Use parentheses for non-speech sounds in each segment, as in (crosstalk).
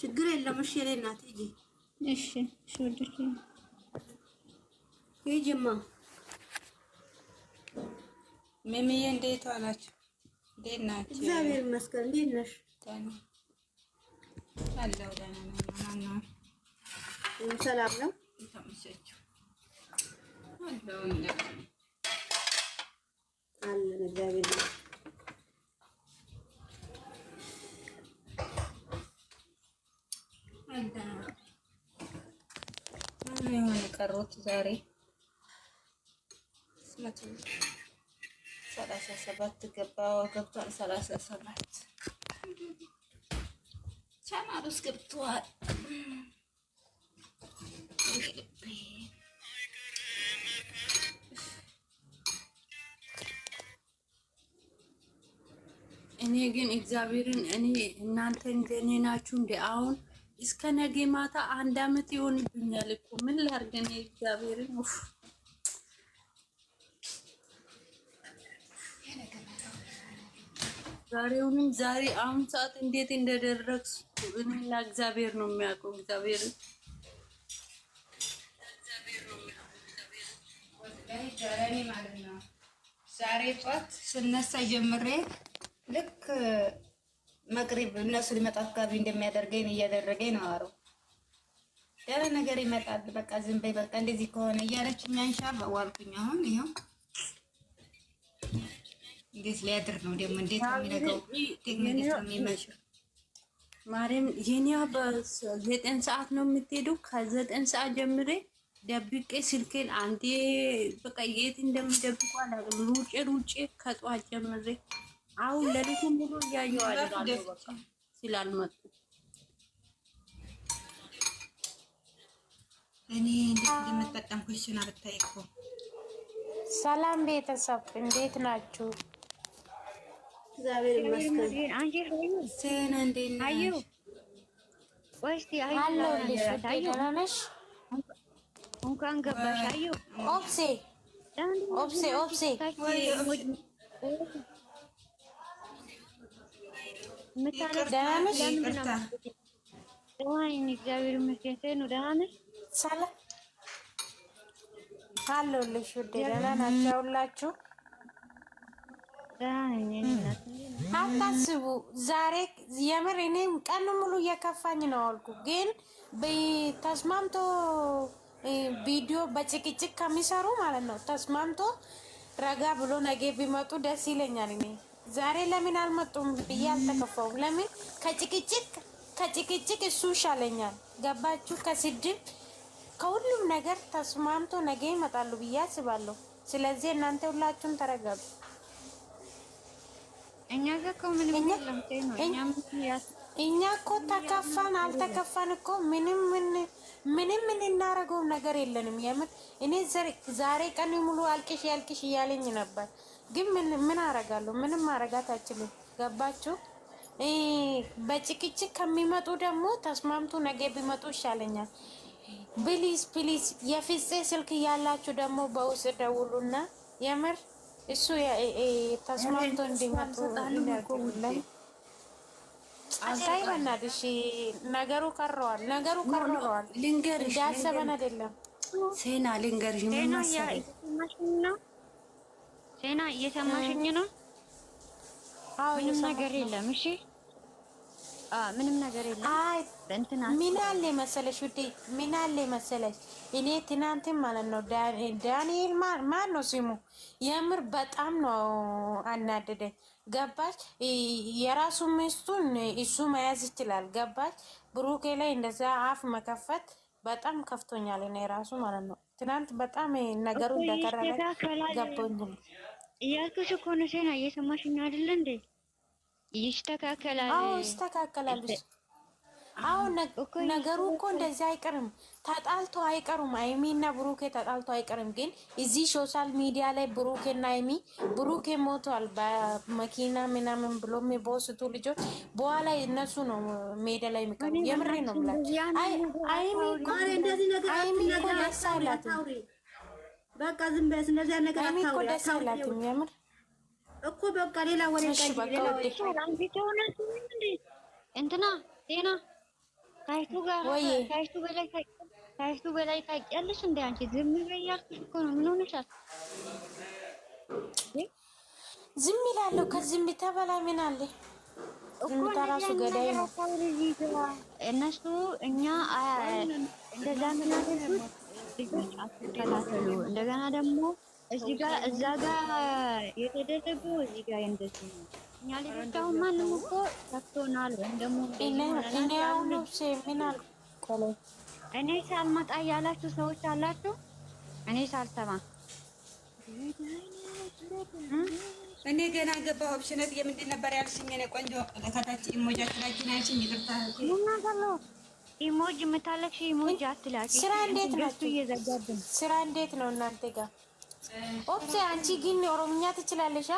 ችግር የለም። እሺ የእኔ እናት ሂጂ። እሺ እሺ፣ ወደድኩ ሂጂማ። ሚሚዬ እንዴት ዋላችሁ? እንዴት ናችሁ? እግዚአብሔር ይመስገን። እንዴት ነሽ? አለሁ ደህና ነኝ። ሰላም ነው። አለን እግዚአብሔር የሆነ ቀሮት ዛሬ ሰላሳ ሰባት ገባ ገብቷል። ሰላሳ ሰባት ቻናል ውስጥ ገብቷል። እኔ ግን እግዚአብሔርን እኔ እናንተ እንደኔ ናችሁ እንደ አሁን እስከ ነገ ማታ አንድ አመት ይሆንብኛል እኮ ምን ላድርግ እኔ እግዚአብሔርን ዛሬውንም ዛሬ አሁን ሰዓት እንዴት እንደደረግኩ እኔ እግዚአብሔር ነው የሚያውቀው። እግዚአብሔር ዛሬ ጠዋት ስነሳ ጀምሬ ልክ መቅሪብ እነሱ ሊመጣ አካባቢ እንደሚያደርገኝ እያደረገኝ ነው። አሮ ያለ ነገር ይመጣል። በቃ ዝም በይ በቃ እንደዚህ ከሆነ እያለች የሚያንሻ ዋልኩኝ። አሁን ይኸው እንዴት ሊያድር ነው ደግሞ እንዴት የሚነገው የሚመሸው ማርያም የኒያ በዘጠኝ ሰዓት ነው የምትሄዱ። ከዘጠኝ ሰዓት ጀምሬ ደብቄ ስልኬን አንዴ በቃ የት እንደምደብቋ ሩጬ ሩጬ ከጠዋት ጀምሬ አሁን ለሊቱን ሙሉ እያየዋል ስላልመጡ እኔ እንዴት እንደምጠቀምኩ እሱን አልታይ እኮ። ሰላም ቤተሰብ እንዴት ናችሁ? እግዚአብሔር ይመስገን። እንኳን ገባሽ። አዩ ኦብሴ ኦብሴ አለሁልሽ አታስቡ። ዛሬ የምር እኔም ቀኑ ሙሉ እየከፋኝ ነው አልኩ። ግን ተስማምቶ ቪዲዮ በጭቅጭቅ ከሚሰሩ ማለት ነው ተስማምቶ ረጋ ብሎ ነገ ቢመጡ ደስ ይለኛል እኔ ዛሬ ለምን አልመጡም ብዬ አልተከፋውም። ለምን ከጭቅጭቅ ከጭቅጭቅ እሱ ይሻለኛል። ገባችሁ? ከስድብ ከሁሉም ነገር ተስማምቶ ነገ ይመጣሉ ብዬ አስባለሁ። ስለዚህ እናንተ ሁላችሁም ተረጋጉ። እኛ እኛ እኮ ተከፋን አልተከፋን እኮ ምንም ምን የምናረገው ነገር የለንም። የምር እኔ ዛሬ ቀን ሙሉ አልቅሽ ያልቅሽ እያለኝ ነበር ግን ምን ምን አረጋለሁ? ምንም ማረጋት አችልም። ገባችሁ? በጭቅጭቅ ከሚመጡ ደግሞ ተስማምቱ ነገ ቢመጡ ይሻለኛል። ፕሊዝ ፕሊዝ፣ የፍፄ ስልክ ያላችሁ ደግሞ በውስጥ ደውሉና የምር እሱ ተስማምቶ እንዲመጡ ይነግሩልኝ። አንታይ በናትሽ ነገሩ ቀረዋል፣ ነገሩ ቀረዋል። ልንገርሽ፣ እንዳሰበን አይደለም ሴና ልንገርሽ ጤና እየሰማሽኝ ነው? አዎ ምንም ነገር የለም። እሺ ምንም ነገር የለም። አይ እንትና ምን አለ መሰለሽ ውዴ፣ ምን አለ መሰለሽ እኔ ትናንትም ማለት ነው ዳንኤል ማን ነው ስሙ፣ የምር በጣም ነው አናደደ። ገባች የራሱ ሚስቱን እሱ መያዝ ይችላል። ገባች ብሩኬ ላይ እንደዛ አፍ መከፈት በጣም ከፍቶኛል። እኔ ራሱ ማለት ነው ትናንት በጣም ነገሩ እንደከረረ ገቦኛል። እያልኩሽ እኮ ነው ሴና፣ እየሰማሽኝ አይደለ እንዴ? ይስተካከላል። አዎ ይስተካከላል። አሁን ነገሩ እኮ እንደዚህ አይቀርም፣ ተጣልቶ አይቀሩም። አይሚና ብሩኬ ተጣልቶ አይቀርም። ግን እዚህ ሶሻል ሚዲያ ላይ ብሩኬና አይሚ ብሩኬ ሞቷል በመኪና ምናምን ብሎ የሚቦስቱ ልጆች በኋላ እነሱ ነው ሜዳ ላይ የሚቀሩ። የምሬ ነው የምላቸው። አይሚ እንደዚህ ነገር አይሚ ደስ አይላትም በቃ ዝም በይ። እንደዚያ ነገር አታውሪ አታውሪ እኮ በቃ ሌላ ወሬ እንትና ዜና ካይቱ ጋር ካይቱ በላይ ካይቱ በላይ ታውቂያለሽ እንዴ? አንቺ ዝም በይ ያልኩሽ እኮ ነው። ምን ሆነሻል? ዝም ይላል ይላሉ። ከዝምታ በላይ ምን አለ? እኮ ራሱ ገዳይ ነው። እነሱ እኛ እንደዛ ምን አደረጉት ልጆች አትከታተሉ። እንደገና ደግሞ እዚህ ጋር እዛ ጋር የተደረጉ እዚህ ጋር እንደዚህ ነው። እኛ ልጆች አሁን ማንም እኮ ሰጥቶናል ወይም ደግሞ እኔ አሁን ልብሴ እኔ ሳልመጣ እያላችሁ ሰዎች አላችሁ። እኔ ሳልሰማ እኔ ገና ገባሁ። ኦፕሽነት የምንድን ነበር ያልሽኝ? እኔ ቆንጆ ከታች ኢሞጃችላችን ያልሽኝ ይቅርታ ኢሞጅ የምታለቅሽ ኢሞጅ አትላቂ። ስራ እንዴት ነው? እየዘጋብን ስራ እንዴት ነው እናንተ ጋር? ኦፕሴ አንቺ ግን ኦሮምኛ ትችላለሽ?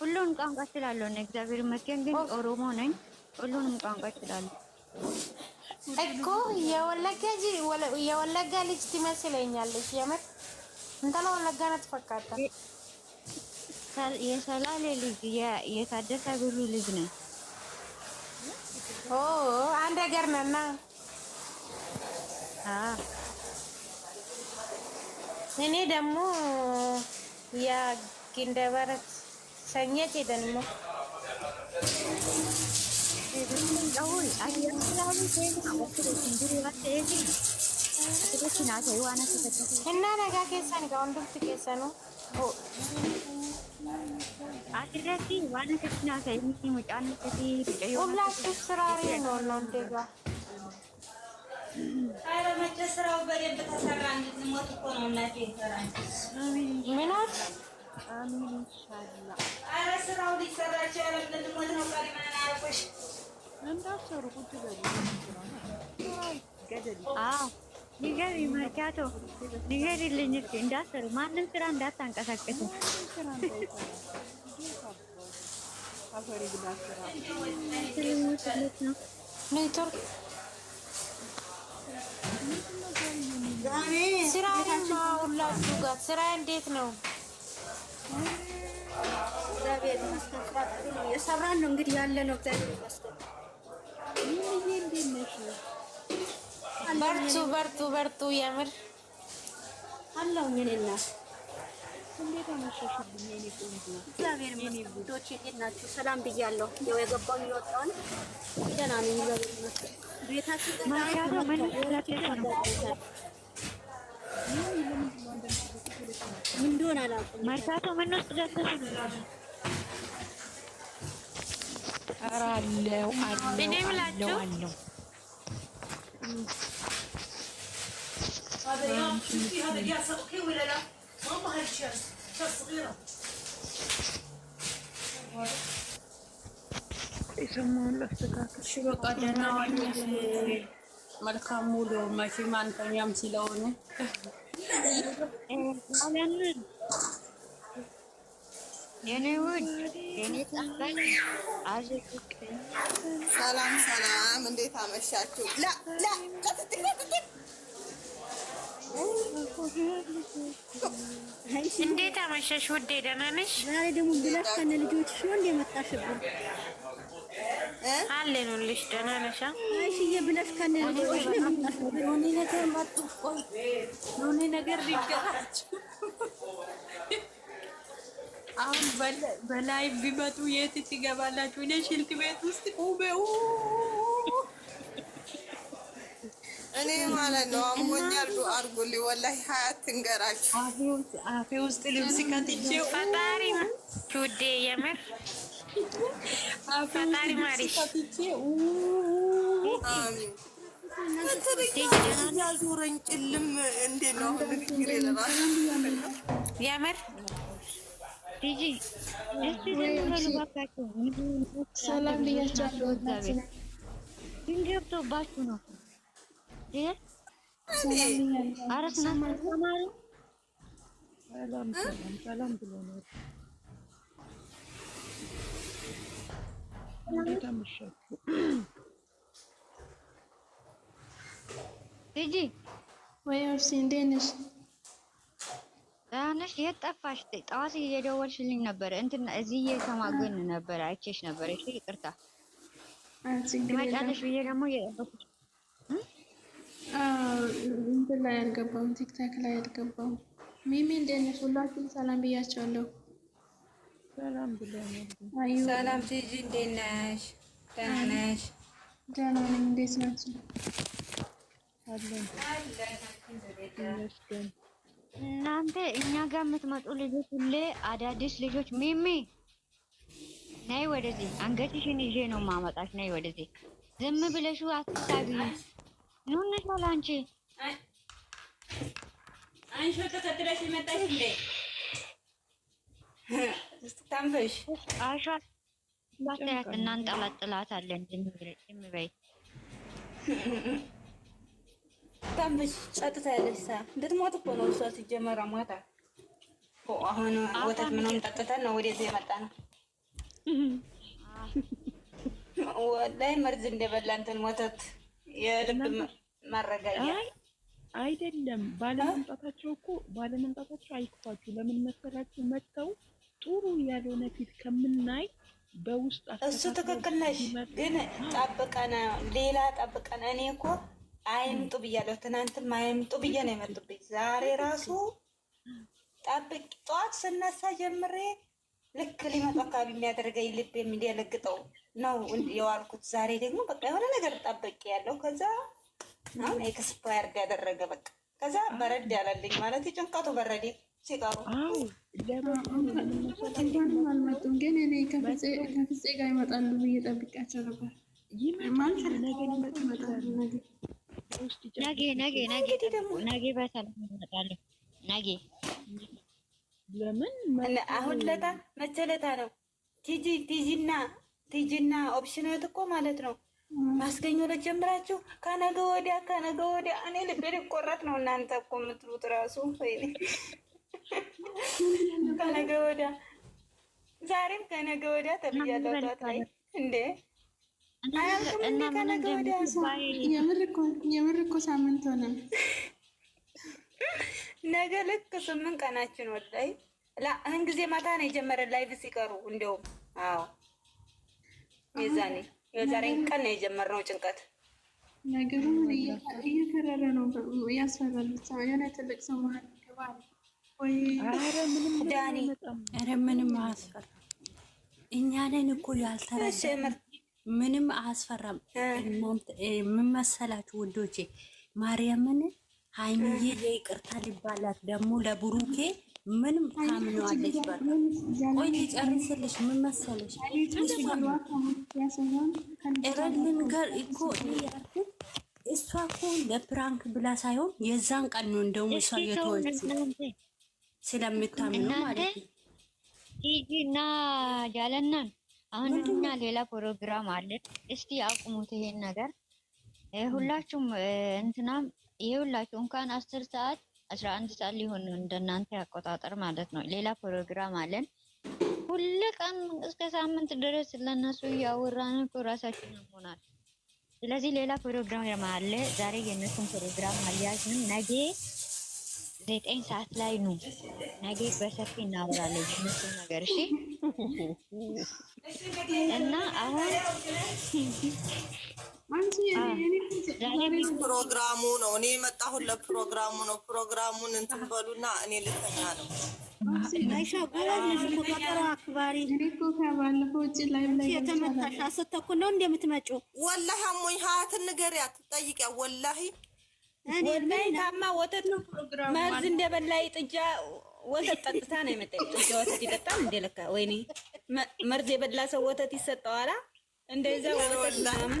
ሁሉን ቋንቋ እችላለሁ ነው እግዚአብሔር ይመስገን። ግን ኦሮሞ ነኝ። ሁሉንም ቋንቋ እችላለሁ እኮ። የወለጋ ልጅ ትመስለኛለሽ። የምር እንታለ ወለጋ ናት ፈካታ የሰላሌ ልጅ የታደሰ ብሩ ልጅ ነኝ Oh, anda karena Ah. Ini demo ya kindawar sanya cedanmu. Oh, ayo kita lihat. Aku sudah tinggal di rumah Enak ሁላችሁ ስራሬ ነው እናንተ ጋር ስራው በደንብ ተሰራ። እንድትሞት እኮ ነው እናቴ ምናት ኧረ ስራው ሊሰራቸው ያለ እንድትሞት ነው። ቀሪማን አያልኩሽ እንዳትሰሩ ቁጭ በሉ ንገሪ መርካቶ ንገሪልኝ እስኪ እንዳሰሩ ማንም ስራ እንዳታንቀሳቀሱ። ስራዬንማ ሁላችሁ ጋር እንዴት ነው? እግዚአብሔር ይመስገን። የሰራን ነው እንግዲህ ያለ ነው። እግዚአብሔር ይመስገን። ይህ እንዴት ነሽ? በርቱ በርቱ በርቱ። የምር አለው ምን እና እንዴት አመሸሽልኝ የኔ ቆንጆ። እግዚአብሔር ይመስገን ውዶች፣ እንዴት ናችሁ? ሰላም ብያለሁ። ያው የገባውን የወጣውን ደህና ነኝ። እግዚአብሔር ይመስገን። ቤታችን ምን እንደሆነ አላውቅም። መርካቶ ምን ውስጥ ገብተሽ አለው አለው አለው هذا يا شفتي هذا قياسه اوكي ولا لا؟ ما ظهر شاش شاش صغيره يسمون لفتكاك شو بقى መልካም ሙሉ መቼም አንተኛም ስለሆነ የኔ ውድ የኔ ጣፋኝ ሰላም ሰላም፣ እንዴት አመሻችሁ? ላ ላ እንዴት አመሸሽ ውዴ? ደህና ነሽ? ዛሬ ደግሞ ብለሽ ከነ ልጆችሽ ነው እንደ አለንልሽ። ደህና ነሽ? አይሽዬ ብለሽ ከነ ልጆችሽ ነው ነገር መጡ እኮ የሆነ ነገር ሊገራችሁ አሁን በላይ ቢመጡ የት ትገባላችሁ? እኔ ሽንት ቤት ውስጥ ቁሜው እኔ ማለት ነው አሞኛል። ዱአ አድርጉልኝ። ወላሂ ሀያት ትንገራችሁ። አፌ ውስጥ ልብስ ከትቼ ፈጣሪ ቹዴ የምር ፈጣሪ ማሪሽ ጭልም እንዴት ነው ንግግር የምር ዲጂ እስቲ ዘምበሉ ባካችሁ ሰላም ልያቻለሁ። ድንገብቶባችሁ ነው ዳነሽ የት ጠፋሽ? ጠዋት እየደወልሽልኝ ነበረ እንትን እዚህ እየተማገን ነበር፣ አይቼሽ ነበር። እሺ ይቅርታ መጫለሽ ብዬ ደግሞ እየጠበኩሽ እንትን ላይ አልገባም፣ ቲክታክ ላይ አልገባም። ሚሚ እንዴት ነሽ? ሁላችሁም ሰላም ብያቸዋለሁ። ሰላም ብያለሁ። ሰላም ቲጂ፣ እንዴት ነሽ? ደህና ነሽ? ደህና ነኝ። እንዴት ናችሁ? እናንተ እኛ ጋር የምትመጡ ልጆች ሁሌ አዳዲስ ልጆች፣ ሚሚ ነይ ወደዚህ፣ አንገትሽን ይዤ ነው ማመጣሽ። ነይ ወደዚህ፣ ዝም ብለሽ አትሳቢ ኑንሽ ነው ላንቺ ባታያት እናንጠላጥላታለን። ዝም በይ ታንበሽ ጸጥታ ያለች ሰ እንድትሞት እኮ ነው እሷ። ሲጀመር ሞታ አሁን ወተት ጠጥተን ነው ወደዚህ የመጣ ነው። መርዝ እንደበላ ወተት የልብ ማረጋያ አይደለም። ባለመምጣታቸው እኮ ባለመምጣታቸው አይክፋችሁ። ለምን መሰላችሁ? መጥተው ጥሩ ያልሆነ ፊት ከምናይ በውስጥ እሱ ትክክል ነሽ፣ ግን ጠብቀን ሌላ ጠብቀን እኔ እኮ አይምጡ ብያለሁ። ትናንትም አይምጡ ብዬ ነው የመጡብኝ። ዛሬ ራሱ ጠብቅ ጠዋት ስነሳ ጀምሬ ልክ ሊመጡ አካባቢ የሚያደርገኝ ልብ የሚያለግጠው ነው የዋልኩት። ዛሬ ደግሞ በቃ የሆነ ነገር ጠብቄ ያለው ከዛ አሁን ኤክስፓየር ያደረገ በቃ ከዛ በረድ ያለልኝ ማለት ጭንቀቱ በረዴ ሲቀሩ ግን እኔ ከፍፄ ጋር ይመጣሉ ብዬ ጠብቂያቸው ነበር። ማለት ነገ ሊመጡ ይመጣሉ። በሰላም ይመጣሉ። ነገ ለምን አሁን ለታ መቼ ለታ ነው ቲጂ ቲጂና ቲጂና ኦፕሽናት እኮ ማለት ነው ማስገኘ ለት ጀምራችሁ ከነገ ወዲያ ከነገ ወዲያ እኔ ልቤ ቆራት ነው። እናንተ እኮ የምትሉት ራሱ ከነገ ወዲያ ዛሬም ከነገ ወዲያ ተብያለሁ። ጧት ላይ እንዴ ከነገ ወዲያ የምር እኮ ሳምንት ሆነ። ነገ ልክ ስምንት ቀናችን ጊዜ ማታ ነው የጀመረ ላይቭ ሲቀሩ እንደውም አዎ የዛኔ የዛሬን ቀን ነው የጀመርነው። ጭንቀት ነገሩ እየከረረ ነው፣ ያስፈራል። ብቻ የሆነ ትልቅ ሰው መሀል ይገባል። ዳኒ ምንም አያስፈራም። እኛ ነን እኮ ያልተረዳ። ምንም አያስፈራም። ምን መሰላችሁ ውዶቼ፣ ማርያምን ሀይሚዬ የይቅርታ ሊባላት ደግሞ ለብሩኬ ምንም ታምነዋለች። ቆይ ጨርስልሽ። ምን መሰለሽ እረልን ጋር እኮ እሷ እኮ ለፕራንክ ብላ ሳይሆን የዛን ቀን ነው እንደውም እሷ የተወች ስለምታምነው ማለት ነው። እና ጃለናን አሁን እኛ ሌላ ፕሮግራም አለን። እስቲ አቁሙት ይሄን ነገር ሁላችሁም። እንትናም ይሄ ሁላችሁ እንኳን አስር ሰዓት አስራ አንድ ሰዓት ሊሆን እንደናንተ አቆጣጠር ማለት ነው። ሌላ ፕሮግራም አለን ሁሉ ቀን እስከ ሳምንት ድረስ ለነሱ እያወራን እኮ ራሳችን ሆናል። ስለዚህ ሌላ ፕሮግራም አለ። ዛሬ የእነሱን ፕሮግራም አልያዝንም። ነገ ዘጠኝ ሰዓት ላይ ነው። ነገ በሰፊ እናወራለን እነሱን ነገር እሺ። (laughs) እና አሁን ፕሮግራሙ ነው። እኔ የመጣሁት ለፕሮግራሙ ነው። ፕሮግራሙን እንትን በሉና እኔ ልተኛ ነው። አይሻ ጎበዝ አክባሪ። የተመታሽ ወላሂ አሞኝ ሀያትን ንገሪያት ወላሂ ታማ ወተት መርዝ እንደበላይ ጥጃ ወተት ጠጥታ ነው ጥጃ ወተት ይጠጣል እንደ ለካ። ወይኔ መርዝ የበላ ሰው ወተት ይሰጠዋላ እንደዛ ወተት ምናምን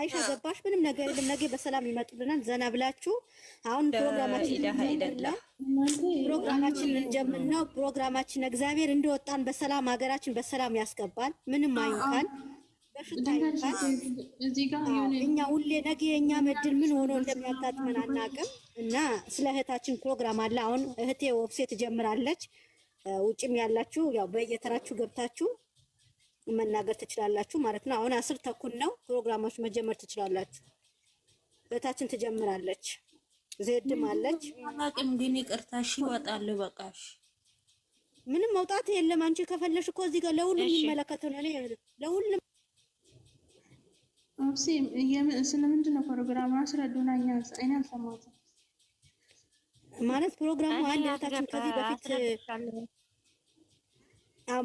አይሻ ገባሽ? ምንም ነገር የለም። ነገ በሰላም ይመጡልናል። ዘና ብላችሁ አሁን ፕሮግራማችን አይደለም ፕሮግራማችን እንጀምር ነው ፕሮግራማችን። እግዚአብሔር እንደወጣን በሰላም ሀገራችን በሰላም ያስገባል። ምንም አይንካል፣ በሽታ እኛ ሁሌ ነገ የእኛ መድል ምን ሆኖ እንደሚያጋጥመን አናውቅም እና ስለ እህታችን ፕሮግራም አለ። አሁን እህቴ ወፍሴ ትጀምራለች። ውጭም ያላችሁ ያው በየተራችሁ ገብታችሁ መናገር ትችላላችሁ ማለት ነው። አሁን አስር ተኩል ነው ፕሮግራሞች መጀመር ትችላላችሁ። በታችን ትጀምራለች። ዜድም አለች። አላቅም ግን ይቅርታ እሺ፣ እወጣለሁ። በቃ ምንም መውጣት የለም። አንቺ ከፈለሽ እኮ እዚህ ጋር ለሁሉም የሚመለከተው ነው። ለሁሉም አብሲ ስለምንድን ነው ፕሮግራሙ አስረዱና፣ እኛ አይን አልሰማትም ማለት ፕሮግራሙ አንድ ታችን ከዚህ በፊት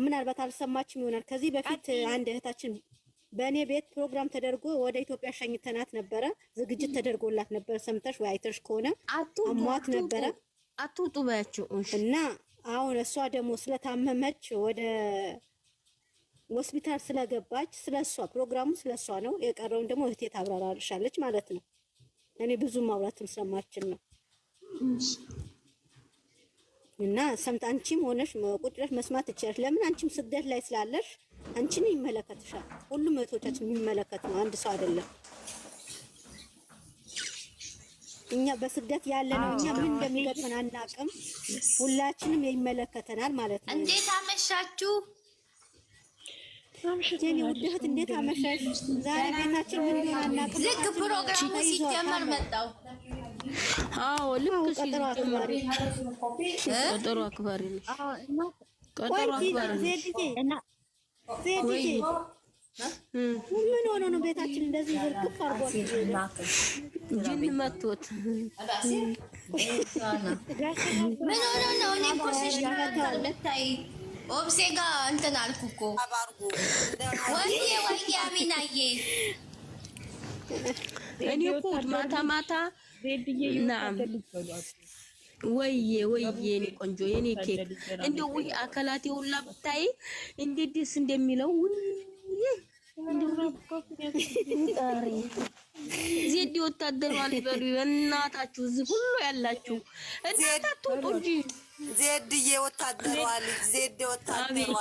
ምናልባት አልሰማችም ይሆናል። ከዚህ በፊት አንድ እህታችን በእኔ ቤት ፕሮግራም ተደርጎ ወደ ኢትዮጵያ ሸኝተናት ነበረ። ዝግጅት ተደርጎላት ነበረ። ሰምተሽ ወይ አይተሽ ከሆነ አሟት ነበረ። አትውጡ በያቸው እና አሁን እሷ ደግሞ ስለታመመች ወደ ሆስፒታል ስለገባች እሷ ፕሮግራሙ ስለሷ ነው። የቀረውን ደግሞ እህቴ ታብራራልሻለች ማለት ነው። እኔ ብዙ ማውራትም ስለማልችል ነው። እና ሰምታ አንቺም ሆነሽ ቁጭ መስማት ትችላለሽ። ለምን አንቺም ስደት ላይ ስላለሽ አንቺን ይመለከትሻል። ሁሉም እህቶቻችን የሚመለከት ነው፣ አንድ ሰው አይደለም። እኛ በስደት ያለ ነው። እኛ ምን እንደሚገጥመን አናውቅም። ሁላችንም ይመለከተናል ማለት ነው። እንዴት አመሻችሁ ጀኒ ውድህት፣ እንዴት አመሻሽ? ዛሬ ቤታችን ምን እንደሆነ አናውቅም። ልክ ፕሮግራሙ ሲጀመር መጣው አዎ ልክ ቀጠሮ አክባሪ ነሽ። ቀጠሮ አክባሪ ነሽ። ምን ሆኖ ነው ቤታችን እንደዚህ ዝርግፍ አድርጓል? ጅን መቶት ምን ሆኖ ነው? እኔ እኮ ልታይ ኦብሴ ጋ እንትን አልኩ እኮ ወይዬ ወይዬ አሚናዬ እኔ እኮ ማታ ማታ ወይዬ ወይዬ የኔ ቆንጆ የኔ ኬክ እንደው ውይ አካላቴ ሁላ ብታይ እንዴት ደስ እንደሚለው ዜድ ወታደሯ በእናታችሁ እዚህ ሁሉ ያላችሁ እንጂ ዜድዬ ወታደሯ ልጅ ዜድ ወታደሯ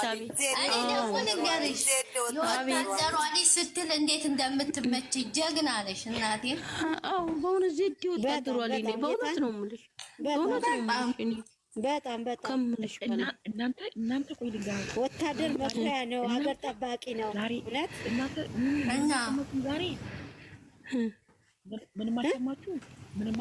ልጅ ስትል እንዴት እንደምትመች ጀግና ነሽ እናቴ። በእውነት ዜድ ልጅ በእውነት ነው የምልሽ፣ በእውነት ነው የምልሽ። በጣም በጣም እናንተ እናንተ ቆይ ልንገርህ፣ ወታደር መኩሪያ ነው፣ ጠባቂ ነው። እውነት እናንተ ምንም ምንም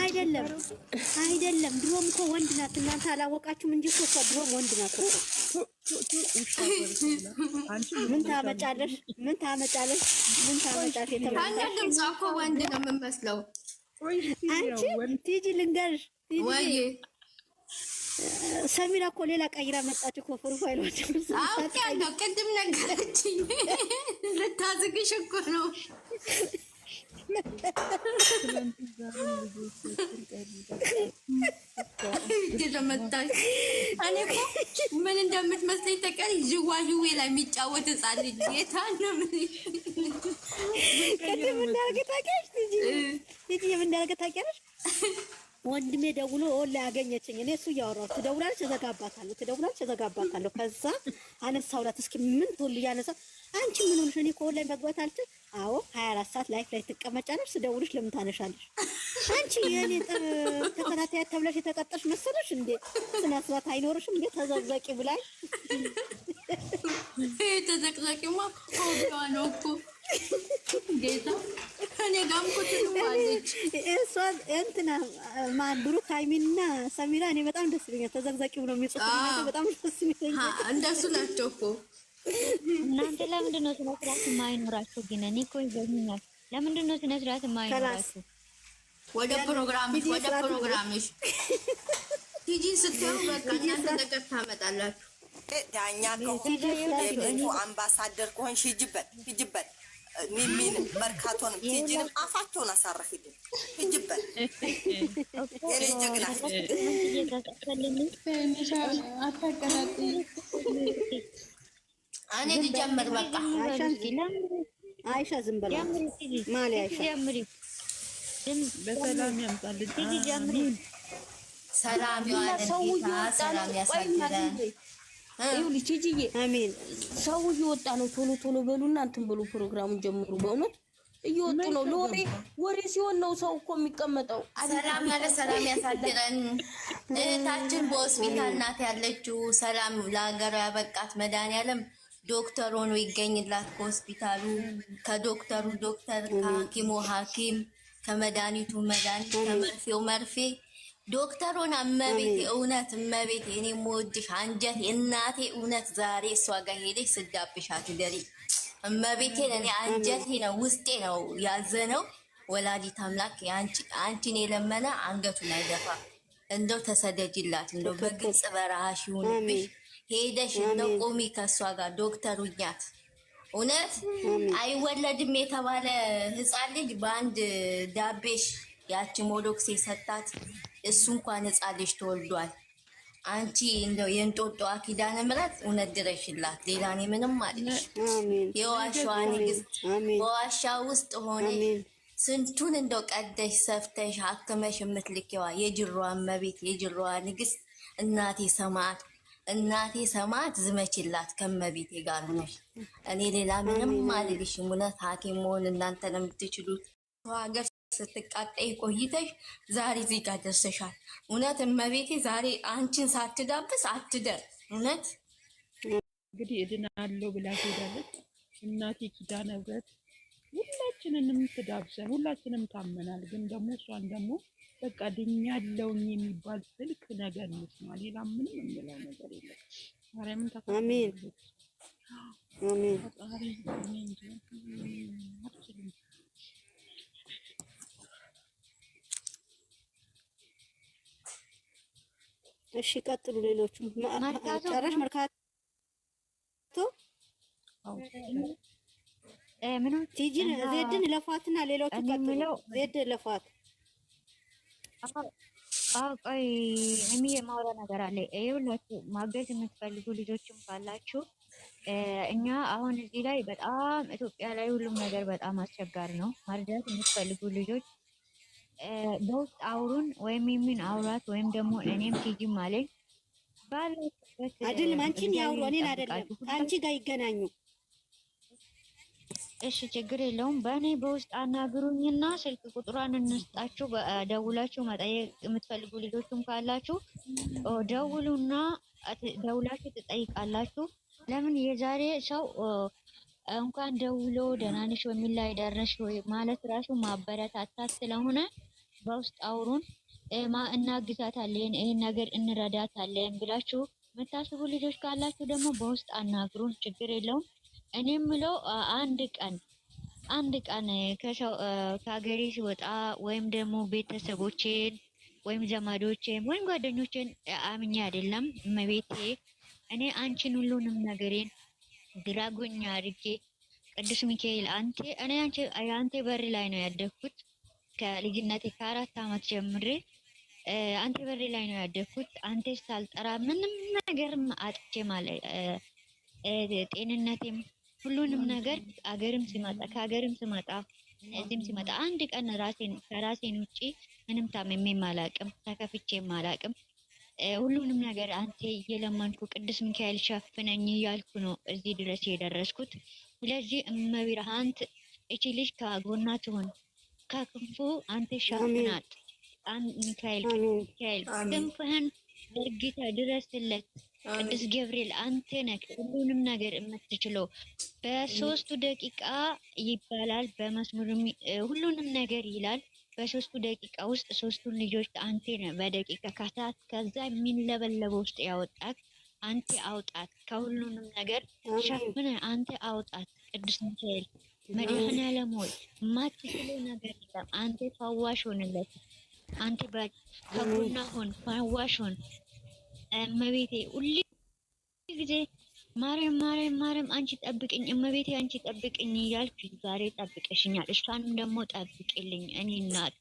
አይደለም አይደለም። ድሮም እኮ ወንድ ናት። እናንተ አላወቃችሁም እንጂ እኮ ድሮም ወንድ ናት። ምን ታመጫለሽ? ምን ታመጫለሽ? ምን ታመጫለሽ? የተመለሰ እኮ ወንድ ነው የምመስለው አንቺ ቲጂ ልንገርሽ ወይ ሰሚራ እኮ ሌላ ቀይራ መጣች እኮ ፕሮፋይሏቸው። አውቄያለሁ፣ ቅድም ነገረችኝ። ልታዝግሽ እኮ ነው። እኔ እኮ ምን እንደምትመስለኝ ተቀሪ ዥዋዥዌ ላይ የሚጫወት ህጻን ልጅ ጌታ ነው። ቅድም ታውቂያለሽ? ልጅ ታውቂያለሽ? ወንድሜ ደውሎ ኦላ ያገኘችኝ እኔ እሱ እያወራሁ ትደውላለች፣ እዘጋባታለሁ፣ ትደውላለች፣ እዘጋባታለሁ። ከዛ አነሳሁላት። እስኪ ምን ትሉ እያነሳ አንቺ ምን ሆንሽ? እኔ ከኦንላይን መግባት አልችል። አዎ ሀያ አራት ሰዓት ላይፍ ላይ ትቀመጫለሽ፣ ስደውልሽ ለምን ታነሻለሽ? አንቺ የኔ ተከታታይ ተብለሽ የተቀጠሽ መሰለሽ እንዴ? ስነ ስርዓት አይኖርሽም እንዴ? ተዘቅዘቂ ብላኝ ተዘቅዘቂማ ሆቢዋ ነው እኮ ጌታ እሷን እንትና ማን ብሩክ ሃይሚና ሰሚራ እኔ በጣም ደስ ይለኛል። ተዘግዛቂው ነው የሚጽፉት በጣም ደስ ይለኛል። እንደሱ ናቸው እኮ እናንተ። ለምንድን ነው ስነ ስርዓት የማይኖራችሁ ግን? እኔ እኮ ይገርመኛል። ለምንድን ነው ስነ ስርዓት የማይኖራችሁ? ወደ ፕሮግራምሽ ወደ ፕሮግራምሽ ቲጂ ስትሆኑ በቃ እናንተ ነገር ታመጣላችሁ። ዳኛ ከሆነ አምባሳደር ከሆን ሂጅበት ሂጅበት ሚሚን መርካቶን ቲጂን አፋቸውን አሳረፊልን። ሂጅበት የኔ ጀግና እኔ ልጀምር። በቃ አይሻ ዝም አይሻ በሰላም ሰላም ሰላም ያሳድረን ይኸውልሽ ጂጂዬ፣ አሜን። ሰው እየወጣ ነው። ቶሎ ቶሎ በሉና እንትን ብሉ፣ ፕሮግራሙን ጀምሩ። በእውነት እየወጡ ነው። ለወሬ ወሬ ሲሆን ነው ሰው እኮ የሚቀመጠው። ሰላም ያለ ሰላም ያሳድረን። እህታችን በሆስፒታል ናት ያለችው። ሰላም ለሀገር ያበቃት መድኃኒዓለም ዶክተር ሆኖ ይገኝላት ከሆስፒታሉ። ከዶክተሩ ዶክተር፣ ከሐኪሙ ሐኪም፣ ከመድኃኒቱ መድኃኒት፣ ከመርፌው መርፌ ዶክተር ሆና እመቤቴ፣ እውነት እመቤቴ፣ እኔ የምወድሽ አንጀቴ እናቴ፣ እውነት ዛሬ እሷ ጋር ሄደሽ ስጋብሻት ደሪ እመቤቴ፣ እኔ አንጀቴ ነው ውስጤ ነው ያዘነው። ወላዲት አምላክ አንቺን የለመነ አንገቱን አይደፋ። እንደው ተሰደጅላት፣ እንደው በግልጽ በረሃሽ ይሁንብሽ። ሄደሽ እንደው ቆሚ ከእሷ ጋር ዶክተር ውኛት። እውነት አይወለድም የተባለ ህፃን ልጅ በአንድ ዳቤሽ ያቺ ሞዶክሴ ሰጣት። እሱ እንኳን ሕፃን ልጅ ተወልዷል። አንቺ እንደው የእንጦጦ ኪዳነ ምሕረት እውነት ድረሽላት። ሌላ እኔ ምንም አለሽ። የዋሻዋ ንግስት በዋሻ ውስጥ ሆነሽ ስንቱን እንደው ቀደሽ ሰፍተሽ አክመሽ የምትልኪዋ የጅሯ እመቤት የጅሯ ንግስት እናቴ ሰማት እናቴ ሰማት ዝመችላት ከመቤቴ ጋር ነሽ። እኔ ሌላ ምንም አልልሽም። እውነት ሐኪም መሆን እናንተ ነው የምትችሉት ሀገር ስትቃጠይ ቆይተሽ ዛሬ እዚህ ጋር ደርሰሻል። እውነት እመቤቴ ዛሬ አንቺን ሳትዳብስ አትደር። እውነት እንግዲህ እድናለሁ ብላ ትሄዳለች። እናቴ ኪዳነ ምህረት ሁላችንንም ትዳብሰን፣ ሁላችንም ታመናል። ግን ደግሞ እሷን ደግሞ በቃ ድኛለውኝ የሚባል ስልክ ነገር እንስማ። ሌላ ምንም የምለው ነገር የለም። ማርያምን ተፋሚን እሺ ቀጥሉ። ሌሎቹ ጨረሽ መርካቶ ቲጂን ዜድን ለፏትና ሌሎቹ ቀጥሉ። ዜድ ለፏት። ቆይ እኔ የማውራ ነገር አለ። ይኸውላችሁ ማገዝ የምትፈልጉ ልጆችም ካላችሁ እኛ አሁን እዚህ ላይ በጣም ኢትዮጵያ ላይ ሁሉም ነገር በጣም አስቸጋሪ ነው። መርዳት የምትፈልጉ ልጆች በውስጥ አውሩን ወይም የሚን አውራት ወይም ደግሞ እኔም ቲጂ ማለኝ አይደለም። አንቺን ያውሩ እኔን አይደለም። አንቺ ጋር ይገናኙ። እሺ ችግር የለውም። በእኔ በውስጥ አናግሩኝና ስልክ ቁጥሯን እንስጣችሁ። ደውላችሁ መጠየቅ የምትፈልጉ ልጆችም ካላችሁ ደውሉና ደውላችሁ ትጠይቃላችሁ። ለምን የዛሬ ሰው እንኳን ደውሎ ደህና ነሽ በሚል ላይ ደረሽ ወይ ማለት ራሱ ማበረታታት ስለሆነ በውስጥ አውሩን ማ እናግዛታለን፣ ይሄን ነገር እንረዳታለን ብላችሁ የምታስቡ ልጆች ካላችሁ ደግሞ በውስጥ አናግሩን፣ ችግር የለውም። እኔ ምለው አንድ ቀን አንድ ቀን ከሰው ከሀገሬ ሲወጣ ወይም ደግሞ ቤተሰቦቼን ወይም ዘመዶቼን ወይም ጓደኞቼን አምኜ አይደለም እመቤቴ እኔ አንቺን ሁሉንም ነገሬን ግራጎኛ አድርጌ ቅዱስ ሚካኤል አንቴ እኔ አንቴ በር ላይ ነው ያደግኩት። ከልጅነቴ ከአራት አመት ጀምሬ አንቴ በር ላይ ነው ያደግኩት። አንቴ ሳልጠራ ምንም ነገርም አጥቼ ማለት ጤንነቴም ሁሉንም ነገር አገርም ሲመጣ ከሀገርም ሲመጣ እዚህም ሲመጣ አንድ ቀን ራሴን ከራሴን ውጪ ምንም ታምሜም አላቅም፣ ተከፍቼም አላቅም። ሁሉንም ነገር አንተ እየለመንኩ ቅዱስ ሚካኤል ሸፍነኝ እያልኩ ነው እዚህ ድረስ የደረስኩት። ስለዚህ እመብርሃን አንተ እቺ ልጅ ከጎኗ ትሆን፣ ከክንፉ አንተ ሸፍናት። ሚካኤል ሚካኤል ክንፍህን ዘርግተ ድረስለት። ቅዱስ ገብርኤል አንተ ነህ ሁሉንም ነገር የምትችለው። በሶስቱ ደቂቃ ይባላል በመስሙር ሁሉንም ነገር ይላል። በሶስቱ ደቂቃ ውስጥ ሶስቱን ልጆች አንቴ በደቂቃ ካታት ከዛ የሚንለበለበ ውስጥ ያወጣት አንቴ አውጣት፣ ከሁሉንም ነገር ሸፍነ አንቴ አውጣት። ቅዱስ ሚካኤል መድኃኔዓለም ሆይ ማትችለው ነገር የለም። አንቴ ፈዋሽ ሆንለት፣ አንቴ ከቡና ሆን ፈዋሽ ሆን እመቤቴ ሁሉ ጊዜ ማርያም ማርያም ማርያም አንቺ ጠብቅኝ እመቤቴ አንቺ ጠብቅኝ እያልኩ ዛሬ ጠብቀሽኛል። እሷንም ደግሞ ጠብቅልኝ። እኔ እናት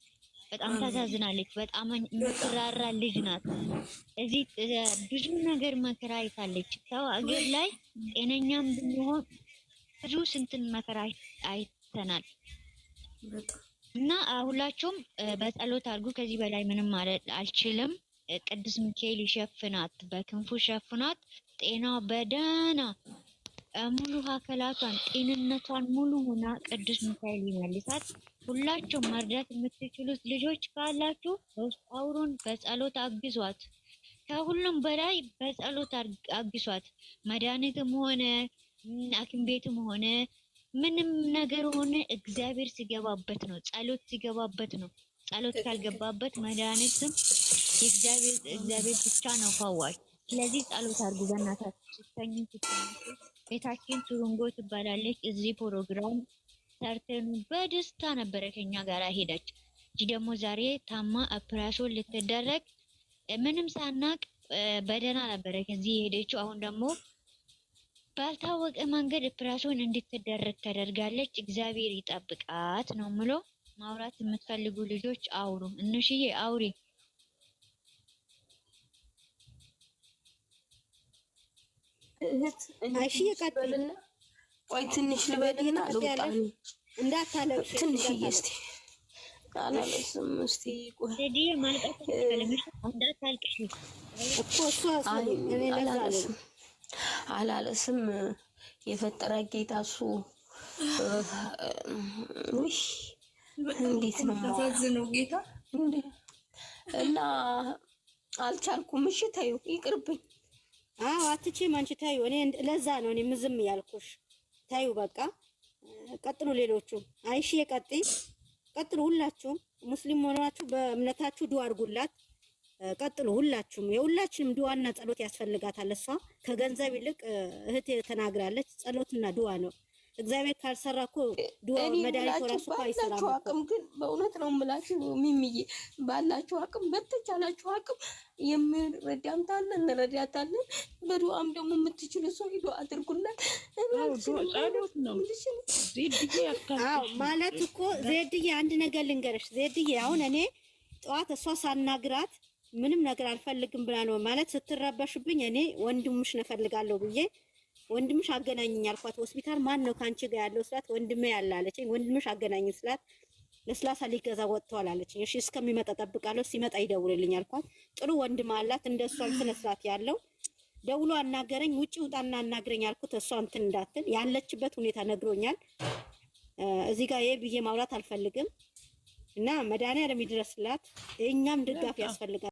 በጣም ታሳዝናለች። በጣም የምትራራ ልጅ ናት። እዚህ ብዙ ነገር መከራ አይታለች። ሰው አገር ላይ ጤነኛም ብንሆን ብዙ ስንትን መከራ አይተናል እና ሁላችሁም በጸሎት አድርጉ። ከዚህ በላይ ምንም ማለት አልችልም። ቅዱስ ሚካኤል ይሸፍናት፣ በክንፉ ሸፍናት። ጤና በደህና ሙሉ አካላቷን ጤንነቷን ሙሉ ሆና ቅዱስ ሚካኤል ይመልሳት። ሁላችሁም መርዳት የምትችሉት ልጆች ካላችሁ በውስጥ አውሩን፣ በጸሎት አግዟት። ከሁሉም በላይ በጸሎት አግሷት። መድኃኒትም ሆነ ሐኪም ቤትም ሆነ ምንም ነገር ሆነ እግዚአብሔር ሲገባበት ነው፣ ጸሎት ሲገባበት ነው። ጸሎት ካልገባበት መድኃኒትም የእግዚአብሔር ብቻ ነው ፈዋሽ ስለዚህ ጸሎት አድርጉ። በእናታችሁ ስተኙ ቤታችን ቱሩንጎ ትባላለች። እዚህ ፕሮግራም ሰርተኑ በደስታ ነበረ ከኛ ጋር ሄደች። እጅ ደግሞ ዛሬ ታማ ኦፕራሽን ልትደረግ ምንም ሳናቅ በደህና ነበረ ከዚህ የሄደችው። አሁን ደግሞ ባልታወቀ መንገድ ኦፕራሽን እንድትደረግ ተደርጋለች። እግዚአብሔር ይጠብቃት ነው ምሎ ማውራት የምትፈልጉ ልጆች አውሩ። እንሽዬ አውሬ ቆይ ትንሽ ልበልና ልውጣ። እንዳታለብሽ ትንሽዬ እስኪ አላለስም እስኪ ቆይ አላለቅስም አላለቅስም። የፈጠረ ጌታ እሱ እንዴት ነው ጌታ እና አልቻልኩም። እሺ ተይው፣ ይቅርብኝ አዎ አትችይም አንቺ ታዩ። እኔ ለዛ ነው እኔ ምዝም ያልኩሽ። ታዩ በቃ ቀጥሉ፣ ሌሎቹ አይሺ የቀጥ ቀጥሉ፣ ሁላችሁም ሙስሊም ሆናችሁ በእምነታችሁ ዱአ አድርጉላት። ቀጥሉ ሁላችሁም፣ የሁላችንም ዱዋና ጸሎት ያስፈልጋታል። እሷ ከገንዘብ ይልቅ እህት ተናግራለች። ጸሎትና ዱዋ ነው። እግዚአብሔር ካልሰራ እኮ ባላችሁ አቅም ግን በእውነት ነው የምላችሁ ሚሚዬ፣ ባላችሁ አቅም በተቻላችሁ አቅም የምንረዳም ታለ እንረዳታለን። በዱዓም ደግሞ የምትችሉ ሰው ሂዶ አድርጉላት። ማለት እኮ ዜድዬ አንድ ነገር ልንገረሽ ዜድዬ፣ አሁን እኔ ጠዋት እሷ ሳናግራት ምንም ነገር አልፈልግም ብላ ነው ማለት ስትረበሽብኝ፣ እኔ ወንድሙሽ ነፈልጋለሁ ብዬ ወንድምሽ አገናኝኝ አልኳት። ሆስፒታል ማን ነው ከአንቺ ጋር ያለው ስላት ወንድሜ ያለ አለችኝ። ወንድምሽ አገናኝኝ ስላት ለስላሳ ሊገዛ ወጥቷል አለችኝ። እሺ እስከሚመጣ ጠብቃለሁ፣ ሲመጣ ይደውልልኝ አልኳት። ጥሩ ወንድም አላት እንደሷ ስነ ስርዓት ያለው ደውሎ አናገረኝ። ውጭ ውጣና አናግረኝ አልኩት። እሷ እንትን እንዳትል ያለችበት ሁኔታ ነግሮኛል። እዚህ ጋር ይሄ ብዬ ማውራት አልፈልግም እና መድኃኒዓለም ይድረስላት። እኛም ድጋፍ ያስፈልጋል።